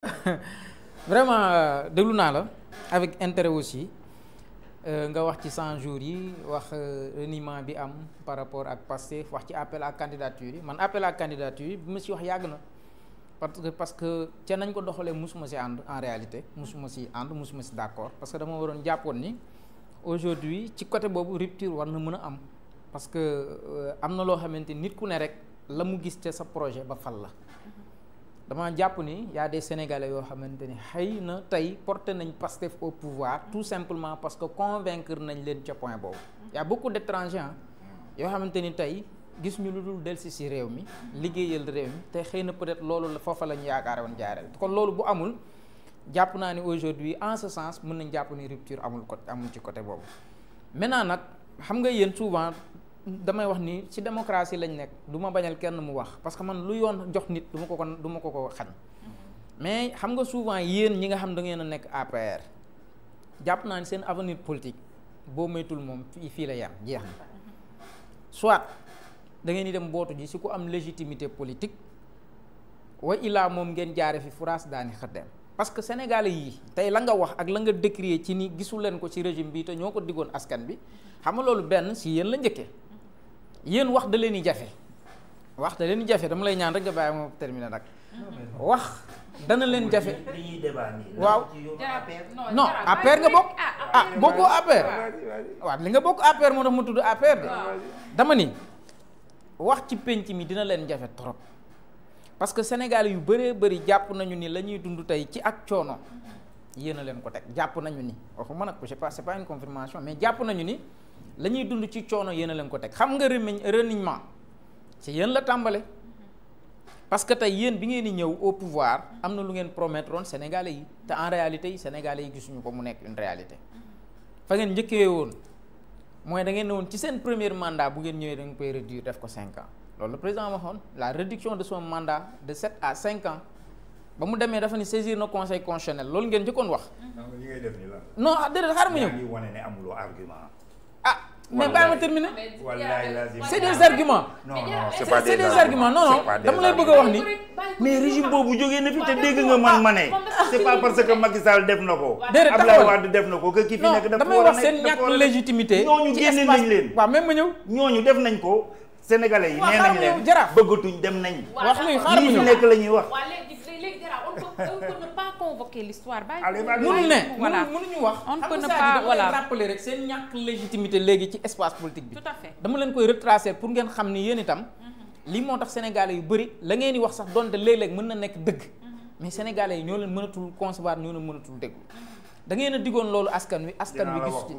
vraiment euh, déglu naa la avec intérêt aussi euh, nga wax ci 100 jours yi wax euh, reniement bi am par rapport ak Pastef wax ci appel à candidature yi man appel à candidature yi bi ma si wax yàgg na parce que parce que ca nañ ko doxalee musuma si ànd en réalité musuma si ànd musuma si d'accord parce que dama waroon jàppoon ni aujourd'hui ci côté boobu rupture war na mën a am parce que am na loo xamante nit ku ne rek la mu gis ca sa projet ba fal la dama jàpp ni y a des yoo xamante ni xëy na tey porté nañ Pastef au pouvoir tout simplement parce que convaincre nañ leen ca point boobu. y a beaucoup d'étrangers yoo xamante ni tey gis ñu lu dul delsi si réew mi liggéeyal réew mi te xëy na peut-être loolu la foofa lañ yaakaar woon jaareel kon loolu bu amul jàpp naa ni aujourd'hui en ce sens mën nañ jàpp ni rupture amul côté amul ci côté boobu maintenant nag xam nga yéen souvent. damay wax ni ci démocratie lañ nekk du ma bañal kenn mu wax parce que man lu yoon jox nit du ma ko ko du ma ko ko xañ mais xam nga souvent yéen ñi nga xam da ngeen a nekk APR jàpp naa ni seen avenir politique boo moytul moom fii fii la yem jeex na soit da ngeen di dem bootu ji si ku am légitimité politique wa ilaa moom ngeen jaare fi France daani xëddem parce que sénégalais yi tey la nga wax ak la nga décrier ci ni gisul leen ko ci régime bi te ñoo ko diggoon askan bi xam loolu benn si yéen la njëkkee yéen wax da leen di jafe wax da leen jafe dama lay ñaan rek nga bàyyi moom terminé nag wax dana leen jafe waaw non APR nga bokk ah bokkoo APR waaw li nga bokk APR moo tax mu tudd APR de dama ni wax ci penc mi dina leen jafe trop parce que Sénégal yu bëree bëri jàpp nañu ni la ñuy dund tey ci ak coono yéen a leen ko teg jàpp nañu ni waxuma nag c'est pas c'est pas une confirmation mais jàpp nañu ni la ñuy dund ci coono yéen a leen ko teg xam nga reniement ci yéen la tàmbale parce que tey yéen bi ngeen di ñëw au pouvoir am na lu ngeen promettre woon sénégalais yi te en réalité yi sénégalais yi gisuñu ko mu nekk une réalité fa ngeen njëkkee woon mooy da ngeen ne woon ci seen première mandat bu ngeen ñëwee da nga koy réduire def ko cinq ans loolu le président waxoon la à cinq ba mu demee dafa ni saisir na conseil constitutionnel loolu ngeen njëkkoon wax. li ngay ah, xaaral ma ñëw. ne amuloo argument. ah mais baa ma terminé. Ah, wallaay lazim c' est des arguments. non non c' est pas des arguments non non dama lay bëgg a wax ni. mais régime boobu jógee na fi te dégg nga man ma ne. c' est pas parce que Macky Sall def na ko. déedéet taxawal Abdoulaye Wade def na ko que kii fi nekk dafa war a nekk non damay wax seen ñàkk légitimité. ñooñu génne nañ leen waaw même ma ñëw. ñooñu def nañ ko sénégalais yi nee nañ leen bëggatuñ dem nañ. wax luy la ñuy wax grave on peut on peut ne pas convoquer l'histoire bàyyi wax on peut ne pas voilà rappeler rek seen ñàkk légitimité léegi ci espace politique bi tout à fait dama leen koy retracer pour ngeen xam ni yéen itam mhm. lii moo tax sénégalais yu bëri la ngeen di wax sax donte léeg-léeg mën na nekk dëgg mhm. mais sénégalais yi ñoo leen mënatul concevoir ñoo leen mënatul déglu mhm. da ngeen a digoon loolu askan wi. askan wi gis ci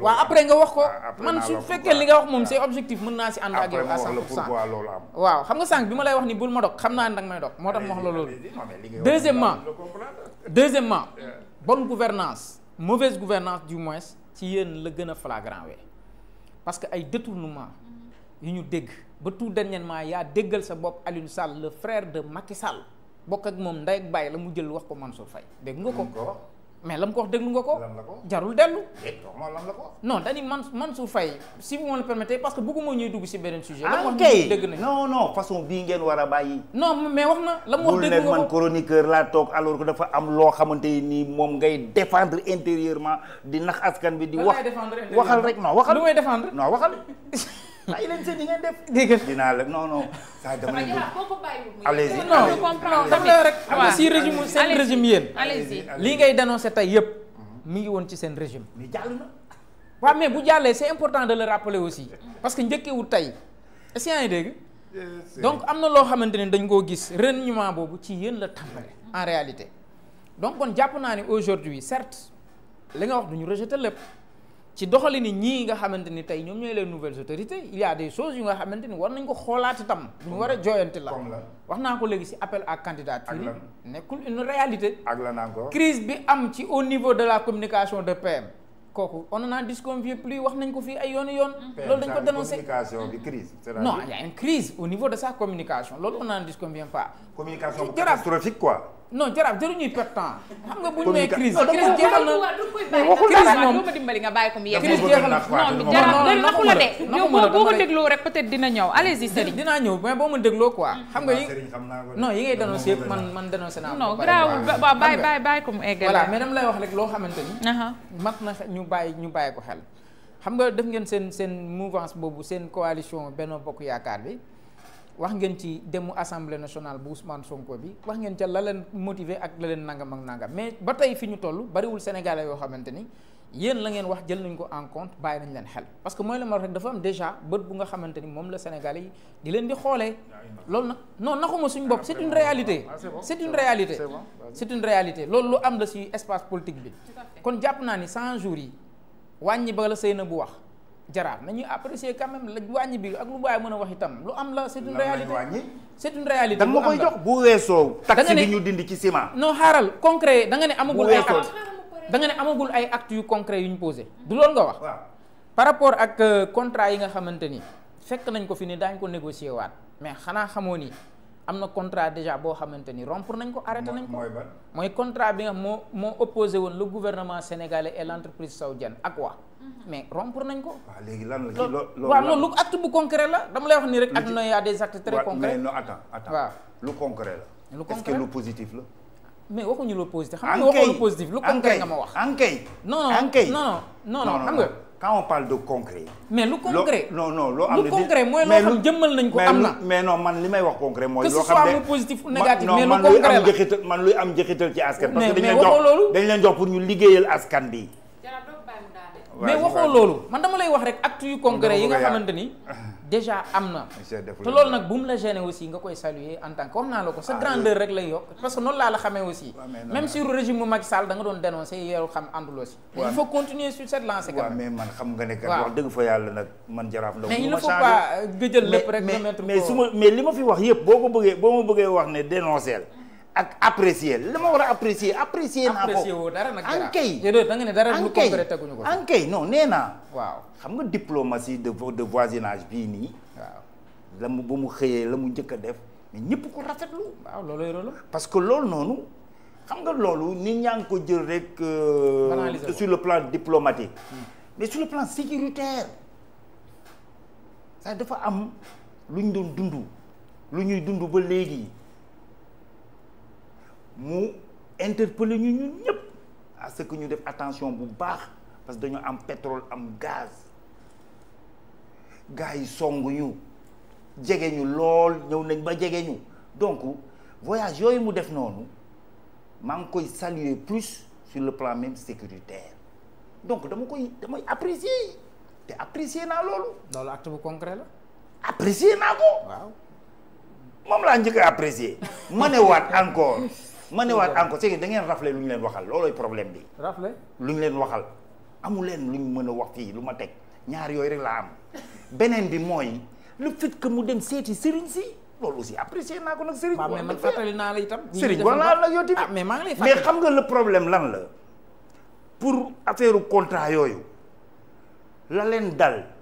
waaw après nga wax ko ah, man su fekkee li nga wax moom c'est objectif mën naa si ànd ak yow à 100% waaw xam nga sànq bi ma lay wax ni bul ma dog xam naa ne danga may dog moo tax ma wax la loolu. deuxièmement deuxièmement bonne gouvernance mauvaise gouvernance du moins ci yéen la gën a flagrant wee parce que ay détournement yu ñu dégg ba tout dernièrement yaa déggal sa bopp Alioune Sall le frère de mak Sall bokk moom ndey bàyyi la mu jël wax ko Mansour Faye dégg nga ko. mais lam ko wax déglu nga ko. jarul dellu. Eh, non dañu man man Mansour Faye si vous me le parce que bëgguma ñuy dugg si beneen sujet. la ah, wax dëgg nañ non façon bii ngeen war a bàyyi. non mais wax na. la mu wax dëgg nga ko man chroniqueur laa toog alors que dafa am loo xamante ni moom ngay défendre intérieurement di nax askan bi. di wax waxal rek non waxal. lu may défendre non waxal. bàyyi leen seen yi ngeen def. dégg dinaa la non non. saa dama leen allez-y non rek. waaw si régime seen régime yéen. allez-y lii ngay dénoncé tey yëpp. mi ngi woon ci seen régime. mais jàll na. waaw mais bu jàllee c'est important de le rappeler aussi. parce que njëkkewul tey. est-ce que yaa ngi dégg. donc am na loo xamante ne dañ koo gis reniement boobu ci yéen la tàmbale. en réalité donc kon jàpp naa ne aujourd'hui certes li nga wax du ñu rejeté lépp. ci doxali ni ñii nga xamante ni tey ñoom ñooy les nouvelles autorités il y a des nga xamante ni war nañ ko xoolaat itam ñu war a jooyante la wax naa ko léegi si appel à candidature yi nekkul une réalité ak lan encore crise bi am ci au niveau de la communication de PM kooku on en a disconvié plus wax nañ ko fii ay yoonu yoon loolu dañ ko dénoncé non il une crise au niveau de sa communication loolu on n'en disconvient pas communication catastrophique quoi non jaraaf jëruñuy perte temps xam nga buñ nee crise crise jeexal na mais waxul dara moom ma dimbali nga bàyyi ko mu yegg crise jeexal na non jaraaf loolu naxu la de yow boo ko dégloo rek peut-être dina ñëw allez-y Serigne dinaa ñëw mais boo ma dégloo quoi mm. xam nga yi non yi ngay dénoncé yëpp man man dénoncé naa non garaawul waaw bàyyi bàyyi bàyyi ko mu eggale voilà mais dama lay wax rek loo xamante ni mat na ñu bàyyi ñu bàyyi ko xel xam nga def ngeen seen seen mouvance boobu seen coalition Benno Bokk Yaakaar bi wax ngeen ci demu assemblée nationale bu Ousmane Sonko bi wax ngeen ca la leen motiver ak la nangam ak nangam mais ba tey fi ñu toll bariwul sénégalais yoo xamante ni yéen la ngeen wax jël nañ ko en compte bàyyi nañ leen xel parce que mooy la ma rek dafa am déjà bët bu nga xamante ni moom la sénégalais yi di leen di xoolee. loolu nag non naxuma suñu bopp c'est une réalité. Ah, c'est une réalité c'est une réalité loolu lu am la ci espace politique bi. kon jàpp naa ni 100 jours yi wàññi ba la sëy na bu wax. jaraaf nañuy apprécier quand même la wàññi bi ak lu waaye mën a wax itam lu am la c'est une réalité c'est une réalité da nga ma koy jox ci ciment non xaaral concret da ne amagul ay acte ne amagul ay acte yu concret yu ñu posé du loolu nga wax par rapport ak euh, contrat yi nga xamante ni fekk nañ ko fi ne daañ ko négocier waat mais xanaa xamoo nii am na contrat déjà boo xamante ni rompre nañ ko arrêté nañ ko mooy contrat bi nga moo moo opposé woon le gouvernement sénégalais et l' entreprise saoudienne ak wa mm-hmm. mais rompre nañ ko waaw léegi lan la ci loolu waaw loolu bu concret la dama lay wax ni rek ak no y a des actes très concrets mais non attends attends lu concret lu concret lu positif mais waxuñu lu positif xam nga waxoo lu positif lu concret nga ma wax ankay non non non non non non xam nga quand on parle de concret. mais lu concret non non loo am. lu concret mooy loo xam jëmmal nañ ko am na. mais no man li may wax concret mooy. loo xam ne que ce soit mu positif ou négatif mais lu concret la man luy am njëxital ci askan. parce que dañ leen jox jox pour ñu liggéeyal askan bi. mais waxoo loolu man dama lay wax rek actes yu concret yi nga xamante ni. déjà am na te loolu nag bu mu la gêner aussi nga koy saluer en tant que wax naa la ko sa ah, grandeur rek lay yokk parce que noonu laa la xamee aussi même sur régime bu Macky Sall da doon dénoncer yow xam ànduloo si il faut continuer sur cette lancée quand mais man xam nga ne kat wax dëgg fa yàlla nag man jaraaf ndaw mais il ne faut pas euh, gëjël lépp mais su ma mais li ma fi wax yëpp boo ko bëggee boo ma bëggee wax ne dénoncer ak apprécier la ma war a apprécier apprécier naa ko ankay ankay non nee naa waaw xam nga diplomatie de de voisinage bii nii waaw la mu ba mu xëyee la mu njëkk a def mais ñëpp ko rafetlu waaw loolu parce que loolu noonu xam nga loolu ni ñaa ngi ko jël rek euh, sur le plan diplomatique hmm. mais sur le plan sécuritaire ça dafa am lu ñu doon dund lu ñuy dundu ba léegi mu interpeller ñu ñun ñëpp à ce que ñu def attention bu baax parce que dañoo am pétrole am gaz gars yi song ñu jege ñu lool ñëw nañ ba jege ñu donc voyage yooyu mu def noonu maa ngi koy saluer plus sur le plan même sécuritaire donc dama koy dama apprécier te apprécier naa loolu. loolu acte bu concret la. apprécier naa ko. waaw moom laa njëkk a apprécier ma ne waat encore. ma ne waat encore c'est que da ngeen rafle lu ñu leen waxal loolooy problème bi. rafle lu ñu leen waxal amu leen lu ñu mën a wax fii lu ma teg ñaar yooyu rek laa am beneen bi mooy le fait que mu dem seeti sëriñ si. loolu aussi apprécié naa ko nag Serigne. waaw mais man fàttali naa la itam. Serigne war naa la ah, mais maa ngi lay xam nga le problème lan la pour affaire contrat yooyu la leen dal.